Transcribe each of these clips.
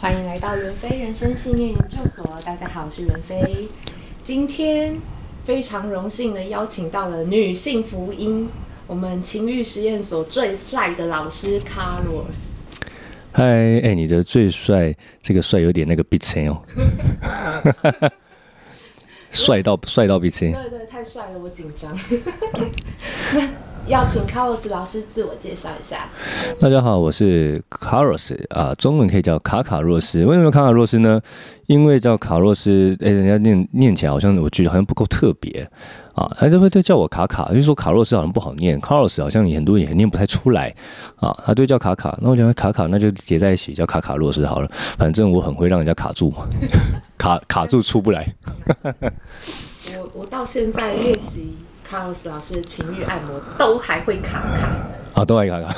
歡迎來到袁飛人生信念研究所、哦，大家好，我是袁飛。今天非常榮幸的邀請到了女性福音，我們情欲實驗所最帥的老師卡洛斯嗨，哎、欸，你的最帥，這個帥有點那個逼真哦。哈 帥到 帥到逼真。對,對對，太帥了，我緊張。 要請卡洛斯老師自我介紹一下、嗯。大家好，我是卡洛斯啊，中文可以叫卡卡洛斯。為什麼卡卡洛斯呢？因為叫卡洛斯，哎、欸，人家念念起來好像，我覺得好像不夠特別啊。他都會對叫我卡卡，為、就是、說卡洛斯好像不好念，卡洛斯好像也很多也念不太出來啊。他對，叫卡卡，那我覺得卡卡那就結在一起叫卡卡洛斯好了。反正我很會讓人家卡住嘛， 卡卡住出不來。 我我到現在練習。嗯卡洛斯老師的情慾按摩都還會卡卡的，啊，都會卡卡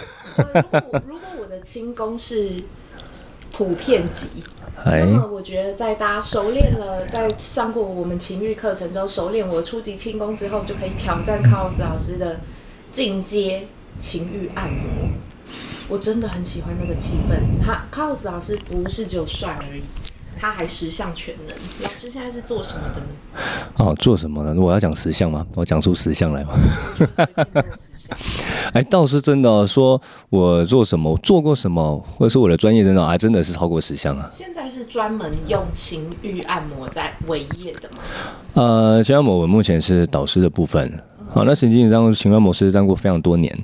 如，如果我的輕功是普遍級，那 麼我覺得在大家熟練了，在上過我們情慾課程中，熟練我初級輕功之後，就可以挑戰卡洛斯老師的進階情慾按摩。我真的很喜歡那個氣氛，他卡洛斯老師不是只有帥而已。他還十項全能，老師現在是做什麼的呢？哦，做什麼呢？我要講十項嗎？我講出十項來嗎？就是、 哎，倒是真的，說我做什麼，做過什麼，或者說我的專業，真的還、啊、真的是超過十項啊。現在是專門用情慾按摩在為業的嗎？呃，情愛按摩我目前是導師的部分。好、嗯嗯啊，那曾經當情愛按摩師當過非常多年，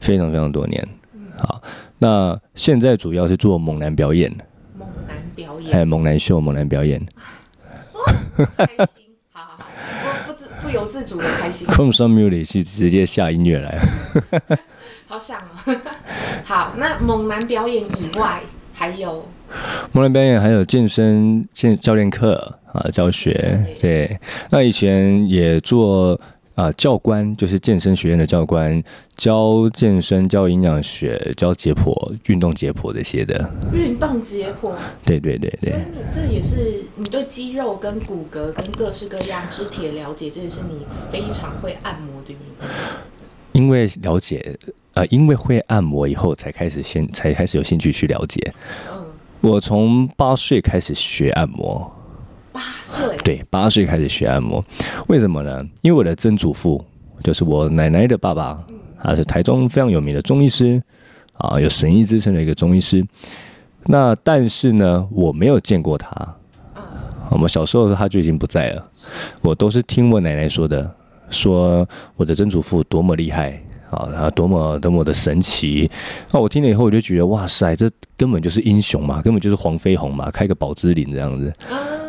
非常非常多年、嗯。好，那現在主要是做猛男表演。男表演，還有猛男秀，猛男表演， 哦、開心，好好好，不自不由自主的開心。Come some music，直接下音樂來，哈 好像哦。 好，那猛男表演以外，還有猛男表演，還有健身健教練課啊，教學對，對，對。那以前也做，啊、呃，教官，就是健身學院的教官，教健身、教營養學、教解剖、運動解剖這些的。運動解剖？對對對對。所以你這也是你對肌肉跟骨骼跟各式各樣肢體的了解，這也、個、是你非常會按摩的原因。因為了解，呃，因為會按摩以後，才開始先，才開始有興趣去了解。嗯、我從八歲開始學按摩。八歲，啊，對，八歲開始學按摩，為什麼呢？因為我的曾祖父，就是我奶奶的爸爸，他是台中非常有名的中醫師，啊，有神醫之稱的一個中醫師。那但是呢，我沒有見過他，我們小時候的時候他就已經不在了，我都是聽我奶奶說的，說我的曾祖父多麼厲害。好，然後多麼多麼的神奇！那、啊、我聽了以後，我就覺得哇塞，這根本就是英雄嘛，根本就是黃飛鴻嘛，開個寶芝林這樣子，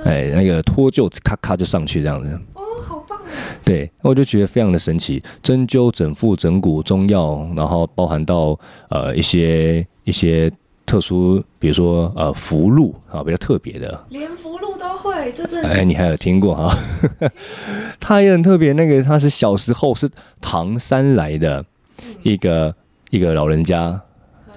哎，那個脫臼咔咔就上去這樣子。哦，好棒啊！對，我就覺得非常的神奇，針灸、整復整骨、中藥，然後包含到呃一些一些。一些特殊，比如說呃，福祿啊，比較特別的，連福祿都會，這真是哎，你還有聽過哈、啊？ 他也很特別，那個他是小時候是唐山來的，一個、嗯、一個老人家，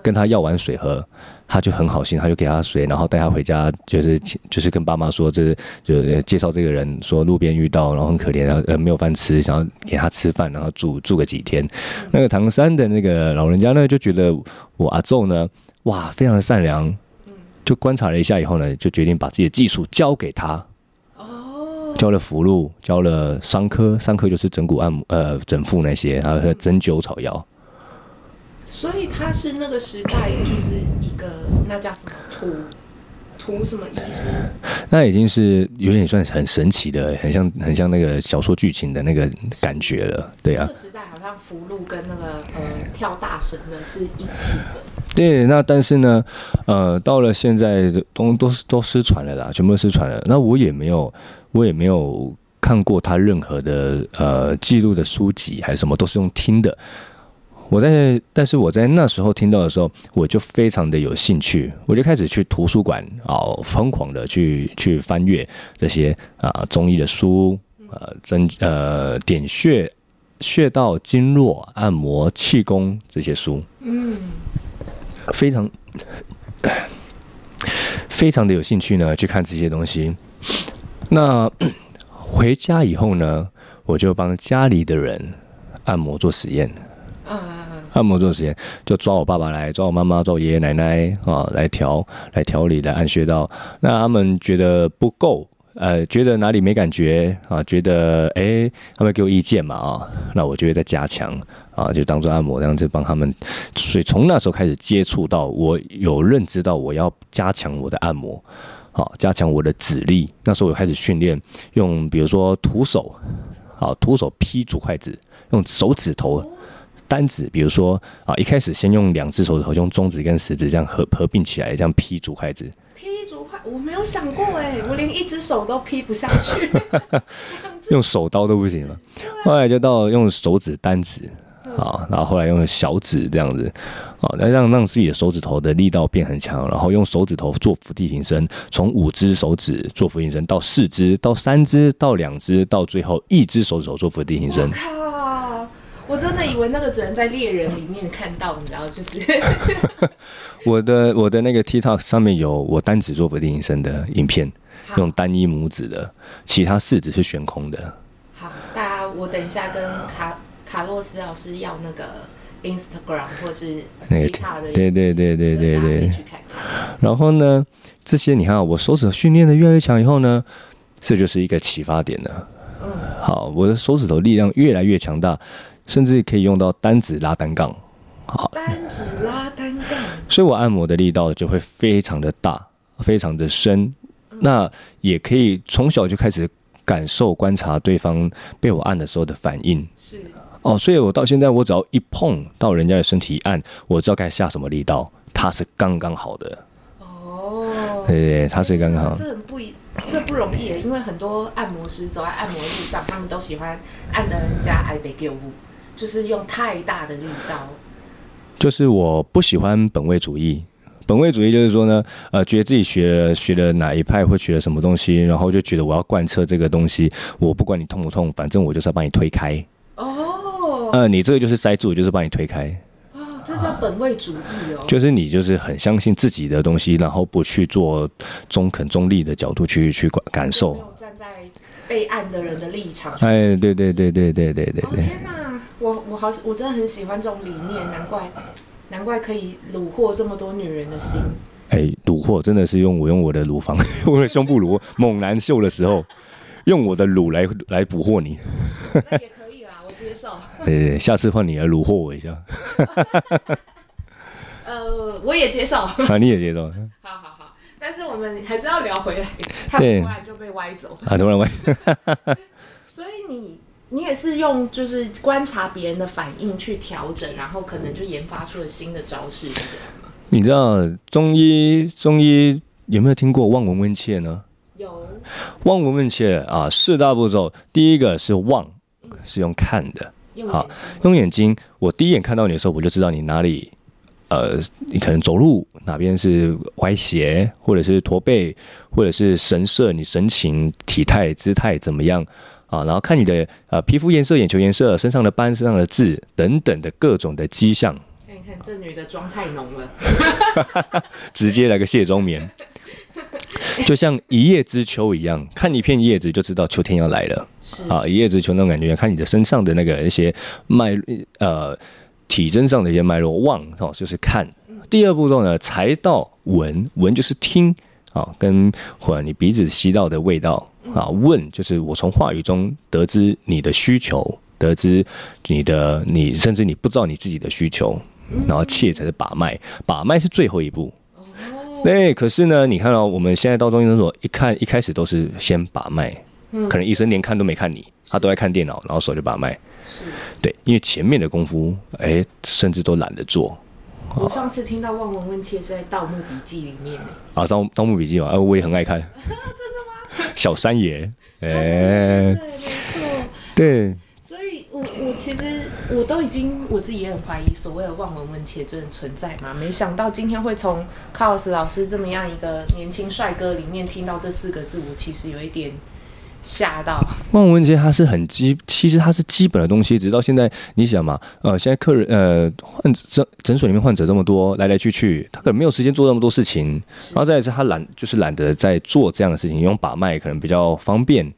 跟他要碗水喝，他就很好心，他就給他水，然後帶他回家，就是就是跟爸媽說，就是就介紹這個人，說路邊遇到，然後很可憐，然後呃沒有飯吃，想要給他吃飯，然後住住個幾天。嗯、那個唐山的那個老人家呢，就覺得我阿祖呢，哇，非常的善良，就觀察了一下以後呢，就決定把自己的技術交給他。哦，教了符籙、教了傷科，傷科就是整骨按摩，呃，整復那些，還有針灸草藥。所以他是那個時代就是一個，那叫什麼，土。無什麼意思？那已經是有點算很神奇的，很像很像那個小說劇情的那個感覺了，對啊。時代好像福祿跟那個呃跳大神的是一起的。對，那但是呢，呃，到了現在都都都失傳了啦，全部都失傳了。那我也沒有我也沒有看過他任何的呃記錄的書籍還是什麼，都是用聽的。我在，但是我在那時候聽到的時候，我就非常的有興趣，我就開始去圖書館啊、哦，瘋狂的去去翻閱這些啊中醫的書，呃針呃點穴、穴道、經絡、按摩、氣功這些書，嗯，非常非常的有興趣呢，去看這些東西。那回家以後呢，我就幫家裡的人按摩做實驗。按摩做時間，就抓我爸爸來，抓我媽媽，抓我爺爺奶奶啊、哦，來調，來調理，來按穴道。那他們覺得不夠，呃，覺得哪裡沒感覺啊、哦，覺得哎、欸，他們給我意見嘛啊、哦，那我就會再加強啊、哦，就當做按摩，這樣子幫他們。所以從那時候開始接觸到，我有認知到我要加強我的按摩，好、哦，加強我的指力。那時候我開始訓練用，比如說徒手，好、哦，徒手劈竹筷子，用手指頭。單指，比如說啊，一開始先用兩隻手指頭，用中指跟食指這樣合合併起來，這樣劈竹筷子。劈竹筷，我沒有想過哎、欸，我連一隻手都劈不下去。 用手刀都不行了、啊，後來就到用手指單指、啊、然後後來用小指這樣子啊，來讓讓自己的手指頭的力道變很強，然後用手指頭做伏地挺身，從五隻手指做伏地挺身，到四隻，到三隻，到兩隻，到最後一隻手指頭做伏地挺身。我靠！我真的以為那個只能在獵人裡面看到、嗯，你知道？就是 我的我的那個 TikTok 上面有我單指做伏地挺身的影片，用單一拇指的，其他四指是懸空的。好，大家，我等一下跟卡卡洛斯老師要那個 Instagram 或是 TikTok 的、那個，對對對對對看看對，對，對。然後呢，這些你看，我手指訓練的越來越強，以後呢，這就是一個啟發點了、嗯。好，我的手指頭力量越來越強大。甚至可以用到單指拉單槓，好，單指拉單槓，所以，我按摩的力道就會非常的大，非常的深。嗯、那也可以從小就開始感受、觀察對方被我按的時候的反應。是哦，所以我到現在，我只要一碰到人家的身體，一按，我知道該下什麼力道，它是剛剛好的。哦，對、對、對，它是剛剛好、哦。這很不易，這不容易，因為很多按摩師走在按摩路上，他們都喜歡按的人家挨被揪就是用太大的力道，就是我不喜歡本位主義。本位主義就是說呢，呃，覺得自己學了學了哪一派，或學了什麼東西，然後就覺得我要貫徹這個東西，我不管你痛不痛，反正我就是要把你推開。哦，呃，你這個就是塞住，就是把你推開。哦。這叫本位主義哦。啊、就是你就是很相信自己的東西，然後不去做中肯、中立的角度去去感感受，站在被按的人的立場。哎，對對對對對對對對、哦。天哪！我我好，我真的很喜歡這種理念，難怪難怪可以虜獲這麼多女人的心。哎、欸，虜獲真的是用我用我的乳房， 我的胸部虜猛男秀的時候， 用我的乳來來捕獲你。 那也可以啦，我接受。呃、 欸，下次換你來虜獲我一下。 呃，我也接受。 啊，你也接受。好，好，好。但是我們還是要聊回來，他突然就被歪走。 欸、啊，當然歪。 所以你。你也是用就是觀察別人的反應去調整，然後可能就研發出了新的招式，是這樣嗎？你知道中醫，中醫有沒有聽過望聞問切呢？有。望聞問切啊，四大步驟，第一個是望、嗯，是用看的，好、啊，用眼睛。我第一眼看到你的時候，我就知道你哪裡，呃，你可能走路哪邊是歪斜，或者是駝背，或者是神色，你神情、體態、姿態怎麼樣？啊，然後看你的呃皮膚顏色、眼球顏色、身上的斑、身上的痣等等的各種的跡象。看一看這女的妝太濃了， 直接來個卸妝棉，就像一葉知秋一樣，看一片葉子就知道秋天要來了。是啊，一葉知秋那種感覺。看你的身上的那個一些脈呃體徵上的一些脈絡。望哦，就是看。嗯、第二步驟呢，才到聞。聞就是聽啊、哦，跟或你鼻子吸到的味道。啊，問就是我從話語中得知你的需求，得知你的你，甚至你不知道你自己的需求，嗯、然後切才是把脈，把脈是最後一步。哦，哎、欸，可是呢，你看到、哦、我們現在到中醫診所一看，一開始都是先把脈、嗯，可能醫生連看都沒看你，他都在看電腦，然後手就把脈。是，對，因為前面的功夫，哎、欸，甚至都懶得做。我上次聽到望聞問切是在《盜墓筆記》裡面。啊，《盜盜墓筆記》嘛，呃，我也很愛看。 真的嗎？小三爺，哎、欸，對，沒錯，對，所以我，我我其實我都已經我自己也很懷疑所謂的望聞問切真的存在嘛，沒想到今天會從卡洛斯老師這麼樣一個年輕帥哥裡面聽到這四個字，我其實有一點。嚇到孟文杰，他是很基，其實他是基本的東西。直到現在，你想嘛，呃，現在客人呃，患者診診所裡面患者這麼多，來來去去，他可能沒有時間做那麼多事情，然後再來是他懶，就是懶得在做這樣的事情。用把脈可能比較方便，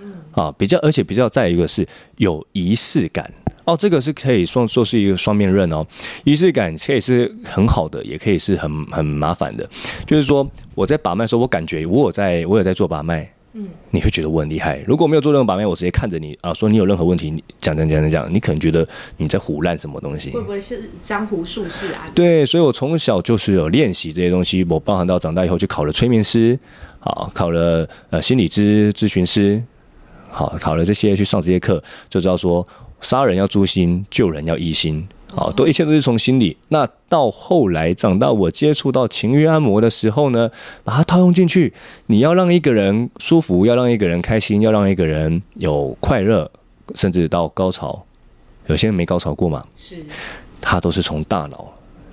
嗯啊，比較而且比較再一個是有儀式感哦，這個是可以算說是一個雙面刃哦。儀式感可以是很好的，也可以是很很麻煩的。就是說我在把脈的時候，我感覺我有在我有在做把脈。嗯，你會覺得我很厲害。如果沒有做任何把脈，我直接看着你啊，說你有任何問題，講講講講講，你可能覺得你在唬爛什麼東西。會不會是江湖術士啊？對？對，所以我從小就是有練習這些東西。我包含到長大以後去考了催眠師，好，考了呃心理諮諮詢師，好，考了這些去上這些課，就知道說殺人要誅心，救人要醫心。好、哦，都一切都是從心理、哦。那到後來，長到我接觸到情欲按摩的時候呢，把它套用進去。你要讓一個人舒服，要讓一個人開心，要讓一個人有快樂，甚至到高潮。有些人沒高潮過嗎？是。他都是從大腦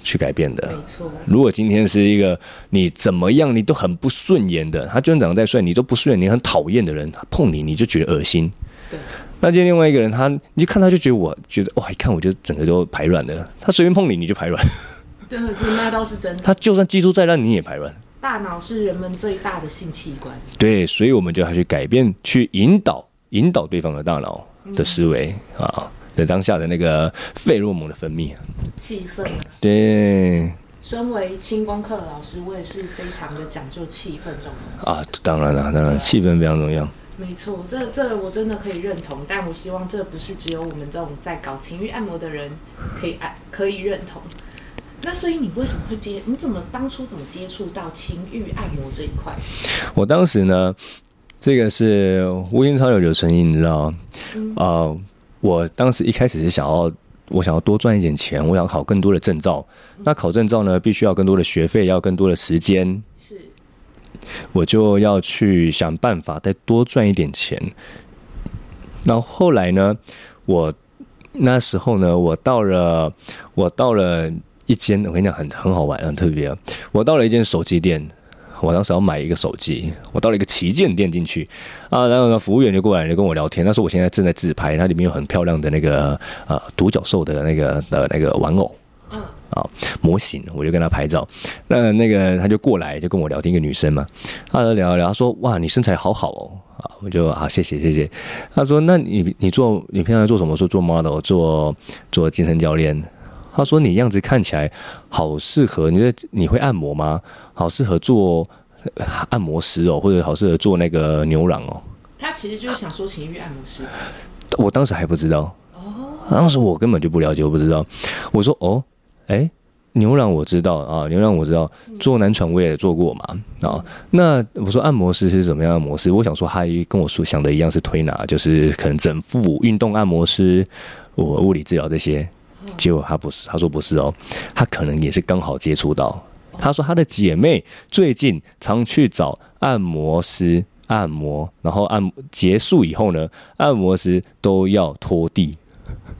去改變的。沒錯。如果今天是一個你怎麼樣，你都很不順眼的，他就算長得再帥，你都不順眼，你很討厭的人，他碰你，你就覺得噁心。對。那就另外一個人他，他你就看他就覺得我，我覺得哇，一看我就整個都排卵了。他隨便碰你，你就排卵對。對，那倒是真的。他就算技術再爛，你也排卵。大腦是人們最大的性器官。對，所以我們就還去改變，去引導，引導對方的大腦的思維啊，對、嗯、當下的那個費洛蒙的分泌。氣氛。對。身為親功課的老師，我也是非常的講究氣氛這種東西。啊，當然了，當然氣氛非常重要。沒錯，這這我真的可以認同，但我希望這不是只有我們這種在搞情慾按摩的人可以愛可以認同。那所以你為什麼會接？你怎麼當初怎麼接觸到情慾按摩這一塊？我當時呢，這個是無心插柳柳成蔭，你知道啊、嗯呃，我當時一開始是想要，我想要多賺一點錢，我想要考更多的證照、嗯。那考證照呢，必須要更多的學費，要更多的時間。是。我就要去想辦法再多賺一點錢。然後後來呢，我那時候呢，我到了，我到了一間，我跟你講很，很很好玩，很特別。我到了一間手機店，我當時要買一個手機，我到了一個旗艦店進去啊，然後呢，服務員就過來就跟我聊天，他說我現在正在自拍，那裡面有很漂亮的那個呃獨角獸的那個的那個玩偶。啊，模型，我就跟他拍照。那那個他就過來就跟我聊天，一個女生嘛，他聊聊聊說，哇，你身材好好哦。啊，我就啊，謝謝謝謝。他說，那你你做你平常做什麼？說做 model，做做健身教練。他說你樣子看起來好適合，你在你會按摩嗎？好適合做按摩師哦，或者好適合做那個牛郎哦。他其實就是想說情欲按摩師。啊，我當時還不知道哦，oh. 當時我根本就不了解，我不知道。我說哦。哎、欸，牛郎我知道啊，牛郎我知道，做、啊、男寵我也做過嘛啊。那我說按摩師是什麼樣的模式？我想說，他跟我所想的一樣是推拿，就是可能整復、運動、按摩師、我物理治療這些。結果他不是，他說不是哦，他可能也是剛好接觸到。他說他的姐妹最近常去找按摩師按摩，然後按結束以後呢，按摩師都要拖地。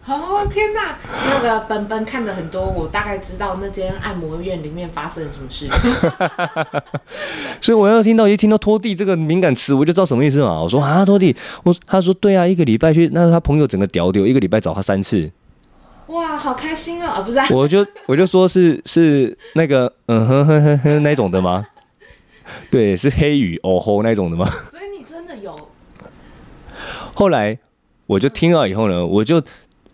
哦，天哪！那個本本看的很多，我大概知道那間按摩院裡面發生了什麼事。 所以我要聽到一聽到拖地這個敏感詞，我就知道什麼意思嘛、啊。我說啊，拖地，我他說對啊，一個禮拜去，那是他朋友整個屌屌，一個禮拜找他三次。哇，好開心啊、哦！啊、哦，不是、啊，我就我就說是是那個嗯哼哼哼哼那種的嗎？ 對，是黑語哦吼那種的嗎？所以你真的有。後來我就聽了以後呢，嗯、我就。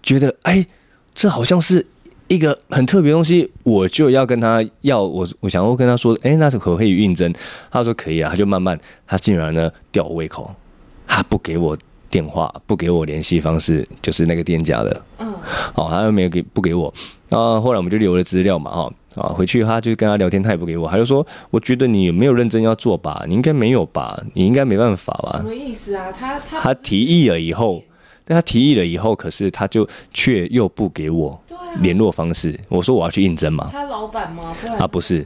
覺得哎、欸，這好像是一個很特別的東西，我就要跟他要我，我想我跟他說，哎、欸，那是可不可以應徵。他說可以啊，他就慢慢，他竟然呢吊我胃口，他不給我電話，不給我聯繫方式，就是那個店家的，嗯，哦，他又沒有給，不給我。啊，後來我們就留了資料嘛，哈，啊，回去他就跟他聊天，他也不給我，他就說，我覺得你沒有認真要做吧，你應該沒有吧，你應該沒辦法吧？什麼意思啊？他他他提議了以後。他提議了以後，可是他就卻又不給我聯絡方式。我說我要去應徵嘛。他老板嗎？啊，不是，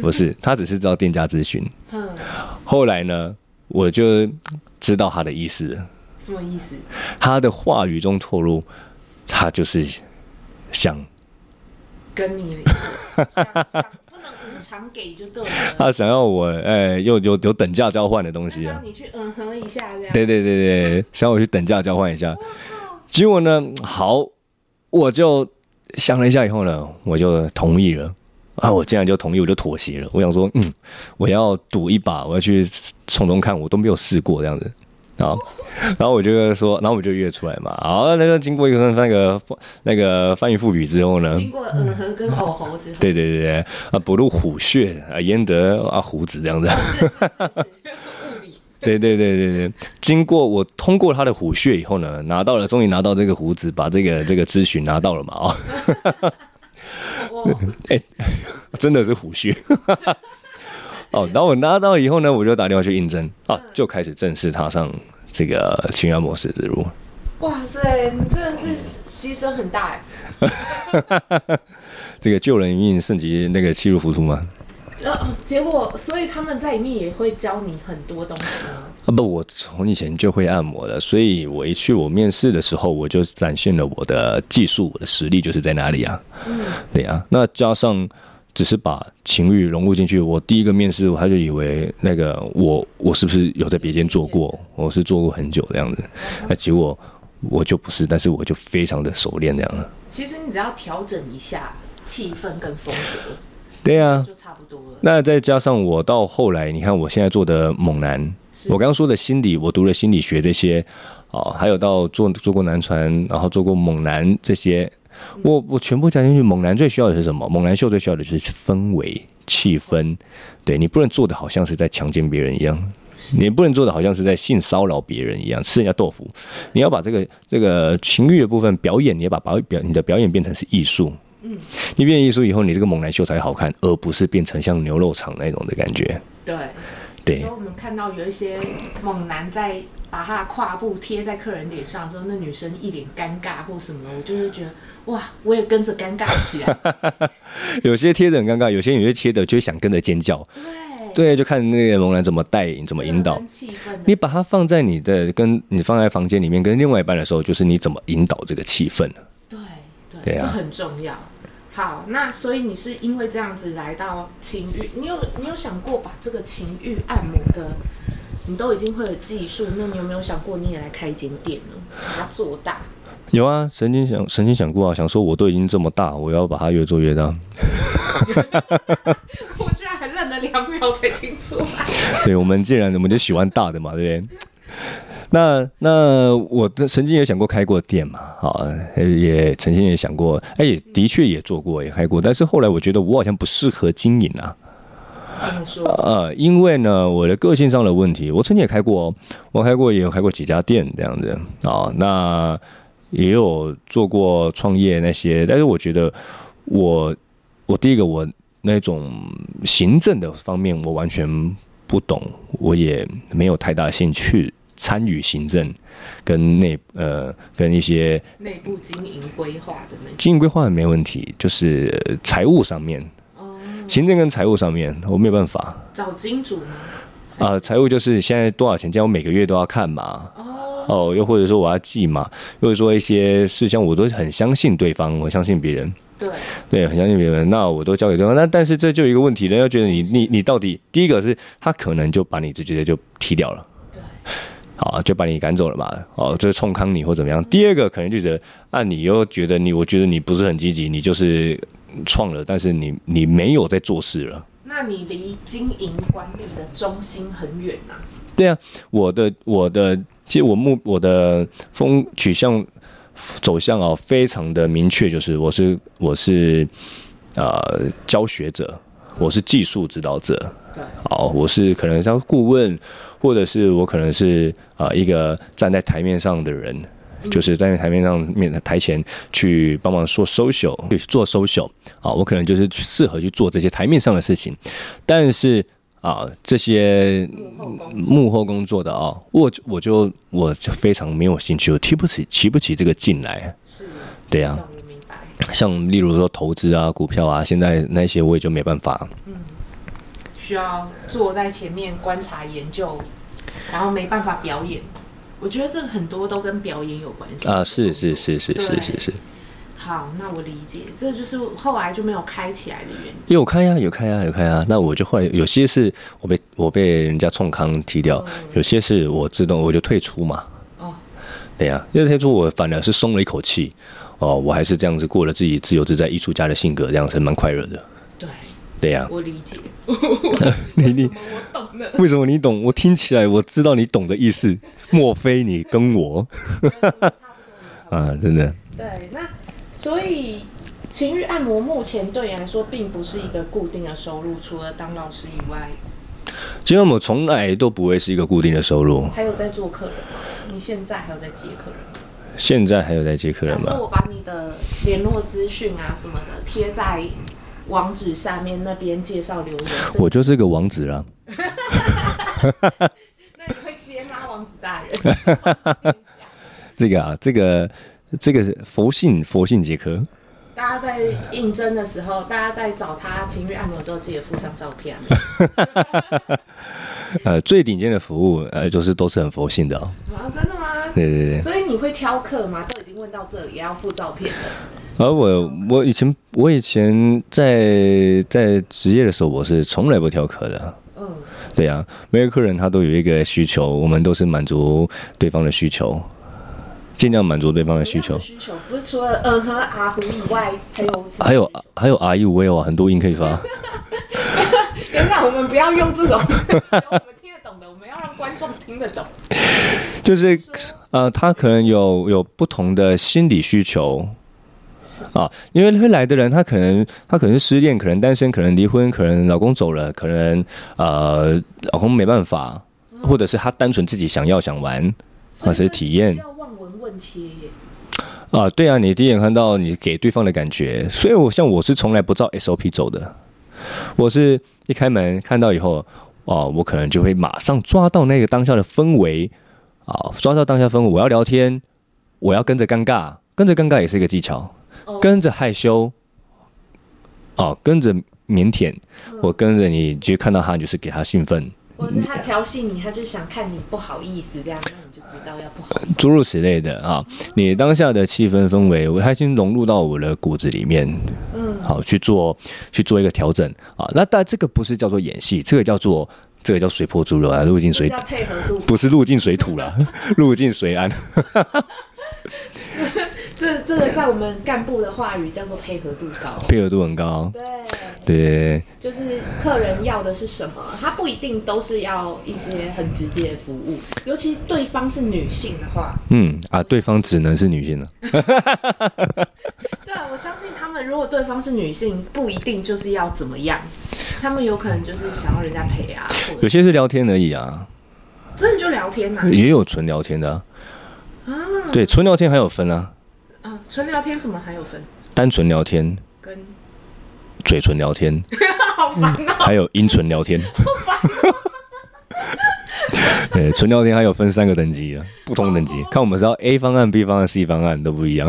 不是，他只是知道店家諮詢。 後來呢，我就知道他的意思。什麼意思？他的話語中透露，他就是想跟你。 常給就對了。他想要我，哎、欸，又有有等價交換的東西，啊，讓你去嗯哼一下這樣。對對對對，想要我去等價交換一下。結果呢，好，我就想了一下以後呢，我就同意了。啊，我竟然就同意，我就妥協了。我想說，嗯，我要賭一把，我要去衝衝看，我都沒有試過這樣子。好，然後我就說，然後我就約出來嘛。好，那個經過一個那個翻那個翻雲覆雨之後呢，經過嗯和跟吼吼之後，對對對，啊啊啊、 對，對對對對，啊不入虎穴啊焉得啊虎子這樣子，對對對對，經過我通過他的虎穴以後呢，拿到了終於拿到這個虎子，把這個這個諮詢拿到了嘛啊、 欸，真的是虎穴。 哦，然後我拿到以後呢，我就打電話去應徵啊、嗯，就開始正式踏上這個情慾按摩師之路。哇塞，你真的是犧牲很大哎。 這個救人一命勝造那個七級浮屠嗎？啊，結果所以他們在裡面也會教你很多東西。啊不，我從以前就會按摩的，所以我一去我面試的時候，我就展現了我的技術，我的實力就是在哪裡啊。嗯、對啊，那加上。只是把情欲融入進去。我第一個面試，他就以為那個我，我是不是有在別間做過？我是做過很久這樣子。那結果我就不是，但是我就非常的熟練這樣了。其實你只要調整一下氣氛跟風格，對啊，就差不多了。那再加上我到後來，你看我現在做的猛男，我剛剛說的心理，我讀了心理學這些哦，還有到做做過男傳，然後做過猛男這些。我我全部講進去，猛男最需要的是什麼？猛男秀最需要的是氛圍、氣氛。對，你不能做的好像是在強姦別人一樣，你不能做的好，好像是在性騷擾別人一樣，吃人家豆腐。你要把這個這個情欲的部分表演，你要把把表你的表演變成是藝術。嗯，你變藝術以後，你這個猛男秀才好看，而不是變成像牛肉場那種的感覺。對對，所以我們看到有一些猛男在。把他胯部貼在客人臉上的時候，那女生一臉尷尬或什麼，我就會覺得哇，我也跟着尷尬起來。 有些貼的很尷尬，有些有些貼的就想跟着尖叫。對，對，就看那個猛男怎麼帶，怎麼引導。氣氛。你把它放在你的跟你放在房間裡面跟另外一半的時候，就是你怎麼引導這個氣氛呢？對對，這、啊、很重要。好，那所以你是因為這樣子來到情欲，你有你有想過把這個情欲按摩的？你都已經會有技術，那你有沒有想過你也來開一間店呢？把它做大。有啊，曾經想，曾經想過啊，想說我都已經這麼大，我要把它越做越大。 我居然還愣了兩秒才聽出來。 對，我們既然我們就喜歡大的嘛，對不對？ 那那我的曾經也想過開過店嘛，好，也曾經也想過，哎，的確也做過，也開過，但是後來我覺得我好像不適合經營啊。怎麼說？呃，因為呢，我的個性上的問題，我曾經也開過，我開過，也有開過幾家店這樣子啊、哦，那也有做過創業那些，但是我覺得我，我第一個我那種行政的方面我完全不懂，我也沒有太大興趣參與行政跟內呃跟一些內部經營規劃的那種經營規劃沒問題，就是、呃、財務上面。行政跟財務上面，我沒有辦法找金主啊，財務就是現在多少錢，叫我每個月都要看嘛。哦，哦，又或者說我要記嘛，又或者說一些事項，我都很相信對方，我相信別人。對對，很相信別人，那我都交給對方。那但是這就有一個問題，人家覺得你，你，你到底？第一個是他可能就把你直接就踢掉了。對。啊，就把你趕走了嘛。哦，啊，就是衝康你或怎麼樣。嗯，第二個可能就覺得，啊，你又覺得你，我覺得你不是很積極，你就是。創了，但是你你沒有在做事了。那你離經營管理的中心很遠啊？對啊，我的我的，其實我目我的風取向走向啊、哦，非常的明確，就是我是我是呃教學者，我是技術指導者，對，哦、我是可能像顧問，或者是我可能是啊、呃、一個站在台面上的人。就是在檯面上面的檯前去幫忙做 social，去做 social 啊，我可能就是適合去做這些檯面上的事情，但是啊，這些幕後工作的啊，我我就我就非常沒有興趣，我提不起提不起這個勁來。是。對呀，啊。像例如說投資啊、股票啊，現在那些我也就沒辦法。嗯，需要坐在前面觀察研究，然後沒辦法表演。我覺得這個很多都跟表演有關係啊，是是是是是是是。好，那我理解，這就是後來就沒有開起來的原因。有開呀，啊，有開呀，啊，有開呀，啊。那我就後來有些是我被我被人家衝康踢掉，嗯，有些是我自動我就退出嘛。哦，嗯，對呀，啊，那退出我反而是鬆了一口氣。哦，我還是這樣子過了自己自由自在藝術家的性格，這樣是蠻快樂的。這樣我理解，你你我懂了。為什麼你懂？我聽起來我知道你懂的意思。莫非你跟我 啊，真的。對，那所以情欲按摩目前對你來說並不是一個固定的收入，除了當老師以外，情欲按摩從來都不會是一個固定的收入。還有在做客人嗎？你現在還有在接客人嗎？現在還有在接客人嗎？我把你的聯絡資訊啊什麼的貼在網址下面那邊介紹留言，我就是個王子啦。 那你會接嗎，王子大人？ 這個啊，這個這個是佛性，佛性接客。大家在應徵的時候，大家在找他情慾按摩的時候，記得附上照片啊。 呃，最頂尖的服務，呃，就是都是很佛性的哦。啊，真的嗎？對對對，所以你會挑客嗎？都已經問到這裡，也要附照片。而、呃、我，我以前，我以前在在職業的時候，我是從來不挑客的。嗯，對呀、啊，每個客人他都有一個需求，我們都是滿足對方的需求，盡量滿足對方的需求。需求不是除了嗯、呃、和阿虎以外，還有、啊，還有還有阿 E 五 V 啊，很多音可以發。 等一下我們不要用這種， 我們聽得懂的，我們要讓觀眾聽得懂。就是。 就是呃，他可能有有不同的心理需求啊，因為會來的人他，他可能他可能是失戀，可能單身，可能離婚，可能老公走了，可能呃，老公沒辦法，嗯、或者是他單純自己想要想玩，或者是體驗。要望聞問切。啊，對啊，你第一眼看到你給對方的感覺，所以我像我是從來不照 SOP 走的，我是一開門看到以後，哦、啊，我可能就會馬上抓到那個當下的氛圍。啊，抓到當下氛圍，我要聊天，我要跟着尷尬，跟着尷尬也是一個技巧，oh. 跟着害羞，哦、啊，跟着靦腆，嗯、我跟着你就看到他，你就是給他興奮。他調戲你，他就想看你不好意思，這樣，那你就知道要不好意思、嗯。諸如此類的啊，你當下的氣氛氛圍，我還已經融入到我的骨子裡面。嗯，好，去做去做一個調整啊。那但這個不是叫做演戲，這個叫做。這個叫隨波逐流啊，入境隨，土。不是入境隨土了，入 境隨安。這這個在我們幹部的話語叫做配合度高，哦，配合度很高。對對，就是客人要的是什麼，他不一定都是要一些很直接的服務，尤其對方是女性的話，嗯啊，對方只能是女性了。 對啊，我相信他們，如果對方是女性，不一定就是要怎麼樣。他們有可能就是想要人家陪啊，有些是聊天而已啊，真的就聊天呢、啊，也有純聊天的啊，啊，對，純聊天還有分啊，啊，純聊天怎麼還有分？單純聊天，跟嘴唇聊天，好煩啊，還有陰唇聊天。 煩 對，純聊天還有分三個等級的，不同等級。哦、看我們知道 A 方案、B 方案、C 方案都不一樣。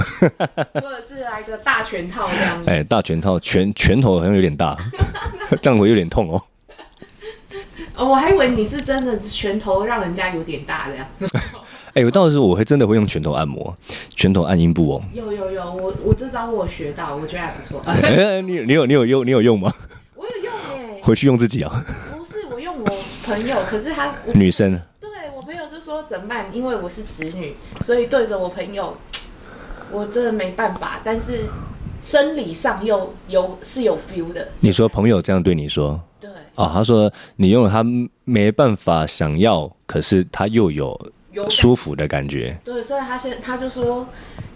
或者是來個大拳套這樣。哎、欸，大拳套，拳拳頭好像有點大， 這樣會有點痛哦，哦。我還以為你是真的拳頭讓人家有點大這樣。哎、 欸，我到時候我還真的會用拳頭按摩，拳頭按陰部哦。有有有，我我這招我學到，我覺得還不錯 欸。你有你有你有用你有用嗎？我有用哎、欸，回去用自己啊。我朋友，可是他女生，對我朋友就說怎麼辦？因為我是子女，所以對着我朋友，我真的沒辦法。但是生理上又有是有 feel 的。你說朋友這樣對你說，對哦，他說你用了他沒辦法想要，可是他又有有舒服的感覺、感覺。對，所以他先他就說。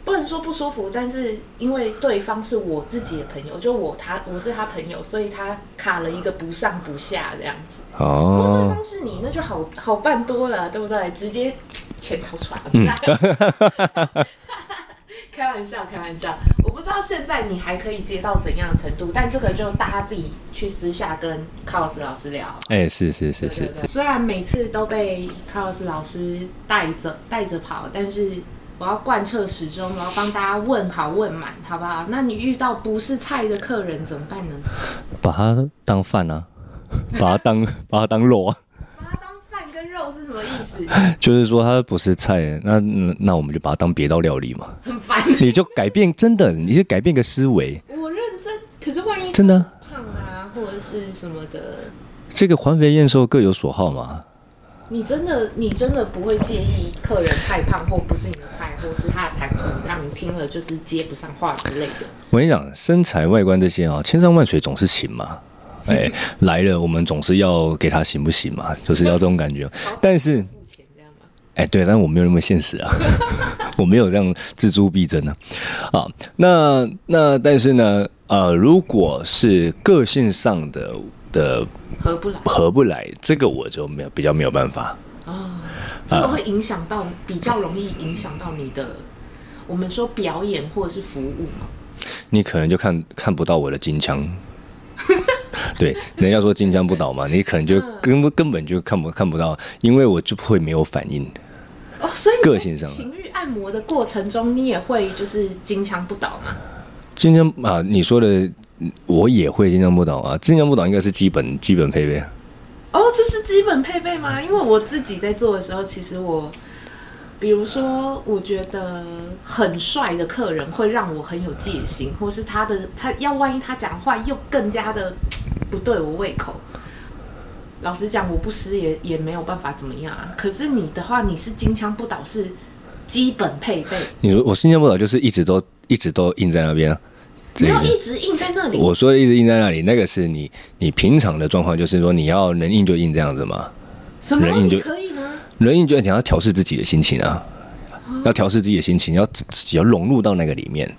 不能說不舒服，但是因為對方是我自己的朋友，就我他我是他朋友，所以他卡了一個不上不下這樣子。哦，如果對方是你，那就好好辦多了，對不對？直接全掏出來了。嗯、 開玩笑，開玩笑。我不知道現在你還可以接到怎樣的程度，但這個就大家自己去私下跟卡洛斯老師聊。哎、欸，是是是是，對對對對是。雖然每次都被卡洛斯老師帶着帶着跑，但是。我要貫徹始終，我要幫大家問好問滿，好不好？那你遇到不是菜的客人怎麼辦呢？把他當飯啊，把他當 把他當肉啊。把他當飯跟肉是什麼意思？就是說他不是菜，那那我們就把他當別道料理嘛。很煩。你就改變，真的，你就改變個思維。我認真，可是萬一、啊、真的胖啊，或者是什麼的，這個環肥燕瘦各有所好嘛。你真的，你真的不會介意客人太胖，或不是你的菜，或是他的談吐讓你聽了就是接不上話之類的。我跟你講，身材、外觀這些啊，千山萬水總是情嘛，哎、欸， 來了我們總是要給他行不行嘛，就是要這種感覺。 但是，目前這樣嗎？哎、欸，對，但是我沒有那麼現實啊， 我沒有這樣錙銖必爭呢。啊，好那那但是呢，呃，如果是個性上的。的合不來，合不來，這個我就沒有比較沒有辦法啊、哦，這個會影響到、呃、比較容易影響到你的、嗯，我們說表演或者是服務嘛？你可能就看看不到我的金槍， 對，人家說金槍不倒嘛， 你可能就本、嗯、根本就看不看不到，因為我就不會沒有反應哦，所以個性上，情欲按摩的過程中，你也會就是金槍不倒嘛？金槍啊，你說的。我也會金槍不倒啊，金槍不倒應該是基本基本配備啊。哦，這是基本配備嗎？因為我自己在做的時候，其實我，比如說，我覺得很帥的客人會讓我很有戒心，或是他的他要萬一他講話又更加的不對我胃口。老實講，我不吃也也沒有辦法怎麼樣啊。可是你的話，你是金槍不倒，是基本配備。你說我金槍不倒，就是一直都一直都印在那邊啊。所以一直硬在那裡？我說的一直硬在那裡，那個是你你平常的狀況，就是說你要能硬就硬這樣子嘛？什麼？能硬就可以嗎？能硬就你要調適自己的心情啊，嗯、要調適自己的心情，要自己要融入到那個裡面。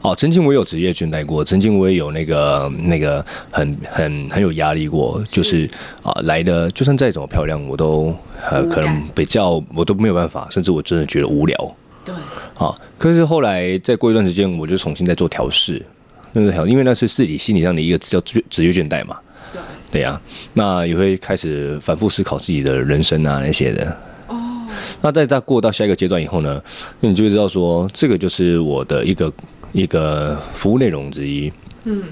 哦，曾經我也有職業倦怠過，曾經我也有那個那個很很很，很有壓力過，是就是啊、呃、來的就算再怎麼漂亮，我都呃能可能比較我都沒有辦法，甚至我真的覺得無聊。對，好，可是後來再過一段時間，我就重新再做調試，那個調，因為那是自己心理上的一個叫職職業倦怠嘛，對啊，對呀，那也會開始反覆思考自己的人生啊那些的，哦，那在它過到下一個階段以後呢，那你就會知道說，這個就是我的一個一個服務內容之一，嗯，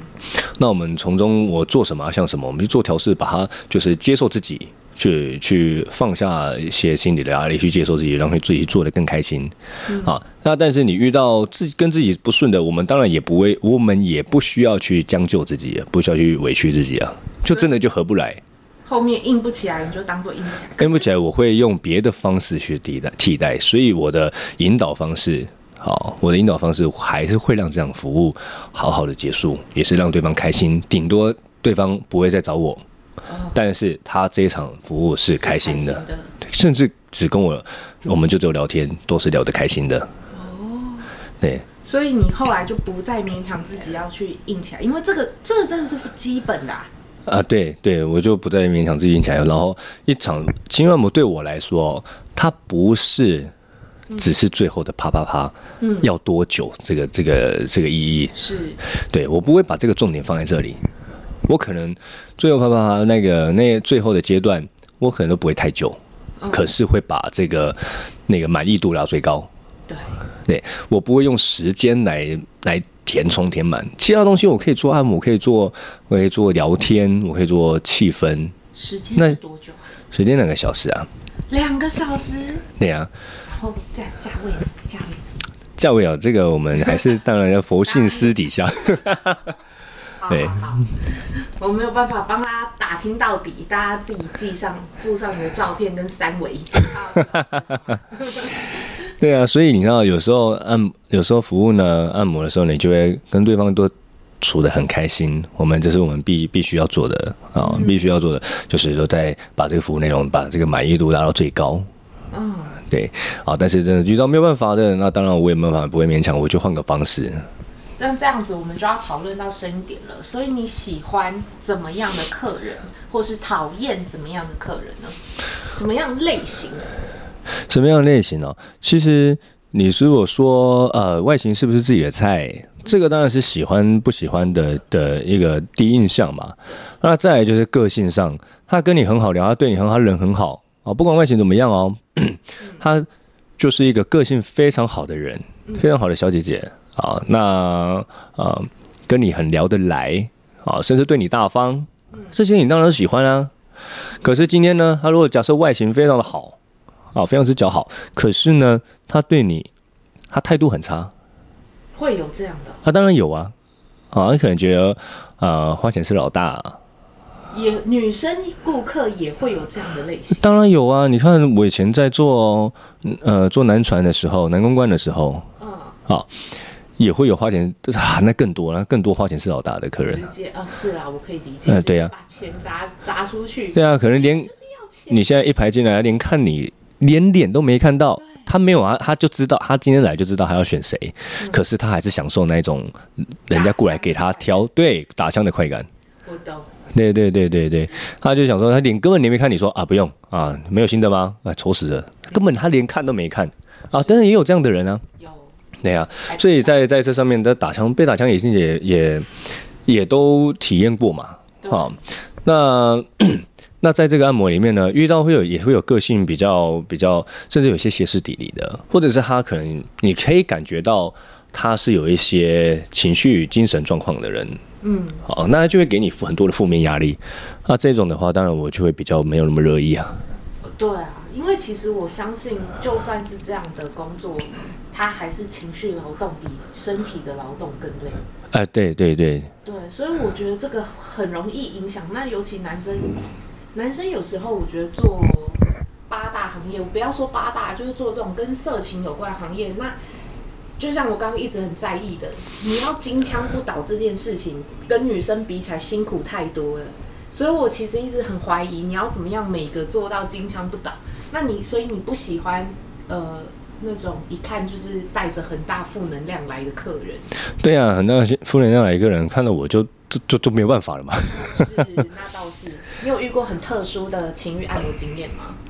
那我們從中我做什麼、啊，像什麼，我們就做調試，把它就是接受自己。去去放下一些心理的壓力，去接受自己，讓自己做的更開心啊、嗯。那但是你遇到自己跟自己不順的，我們當然也不會，我們也不需要去將就自己，不需要去委屈自己啊。就真的就合不來，後面硬不起來，你就當做硬，硬不起來。我會用別的方式去替代替代，所以我的引導方式，好，我的引導方式還是會讓這樣服務好好的結束，也是讓對方開心，頂多對方不會再找我。但是他這一場服務是開心的，心的甚至只跟我、嗯，我們就只有聊天，都是聊得開心的。哦、對。所以你後來就不再勉強自己要去硬起來，因為這個，這個、真的是基本的啊。啊，對對，我就不再勉強自己硬起來。然後一場情慾按摩對我來說，它不是只是最後的啪啪啪，嗯，要多久？這個這個這個意義是，對我不會把這個重點放在這裡。我可能最後啪啪那個那個，最後的階段，我可能都不會太久，okay. 可是會把這個那個滿意度拉到最高。對，對我不會用時間來來填充填滿其他東西，我可以做按摩，可以做，我可以做聊天，我可以做氣氛。時間是多久？時間兩個小時啊？兩個小時。對啊。然後價價位價位，價位啊，這個我們還是當然要佛性私底下。 好好好對，好，我沒有辦法幫他打聽到底，大家自己記上，附上你的照片跟三圍。 是是 對啊，所以你知道，有時候按，有時候服務呢，按摩的時候，你就會跟對方都處得很開心。我們這是我們必必須要做的啊、嗯，必須要做的就是都在把這個服務內容，把這個滿意度達到最高，嗯，對，啊，但是真的遇到沒有辦法的，那當然我也沒辦法，不會勉強，我就換個方式。那這樣子，我們就要討論到深一點了。所以你喜歡怎麼樣的客人，或是討厭怎麼樣的客人呢？什麼樣類型？什麼樣類型呢、哦？其實你如果說呃外形是不是自己的菜，這個當然是喜歡不喜歡的的一個第一印象嘛。那再來就是個性上，他跟你很好聊，他對你很好，他人很好啊。不管外形怎麼樣哦，他就是一個個性非常好的人，嗯、非常好的小姐姐。好、啊，那、啊、跟你很聊得來啊，甚至對你大方，這些你當然喜歡啊。嗯、可是今天呢，他、啊、如果假設外形非常的好，啊，非常之姣好，可是呢，他對你，他態度很差，會有這樣的、哦？他、啊、當然有啊，啊，你可能覺得，呃、啊，花錢是老大，也女生顧客也會有這樣的類型、啊。當然有啊，你看我以前在做，呃，做男船的時候，男公關的時候，哦、啊，好。也會有花錢，啊，那更多那更多花錢是老大的客人。直接啊、哦，是啊，我可以理解。嗯，對啊。把錢砸砸出去。對啊，可能連你現在一排進來，連看你連臉都沒看到，他沒有啊，他就知道他今天來就知道他要選誰、嗯，可是他還是享受那種人家過來給他挑打槍對打槍的快感。我懂。對對對對對，他就想說他連根本連沒看你說啊，不用啊，沒有新的嗎？啊，醜死了，根本他連看都沒看啊。當然也有這樣的人啊。對啊、所以在在這上面的打槍被打槍也也也也都體驗過嘛，好、哦，那 那在這個按摩裡面呢，遇到會有也會有個性比較比較，甚至有些歇斯底里的，或者是他可能你可以感覺到他是有一些情緒精神狀況的人，嗯，好、哦，那就會給你很多的負面壓力，那這種的話，當然我就會比較沒有那麼樂意啊。對啊，因為其實我相信，就算是這樣的工作，他還是情緒勞動比身體的勞動更累。哎、啊，對對對。對，所以我覺得這個很容易影響。那尤其男生，男生有時候我覺得做八大行業，不要說八大，就是做這種跟色情有關的行業，那就像我剛剛一直很在意的，你要金槍不倒這件事情，跟女生比起來辛苦太多了。所以，我其實一直很懷疑，你要怎麼樣每個做到金槍不倒？那你，所以你不喜歡，呃，那種一看就是帶着很大負能量來的客人。對呀、啊，很大負能量來一個人，看到我就，就就就，就沒有辦法了嘛。 是，那倒是。你有遇過很特殊的情慾按摩經驗嗎？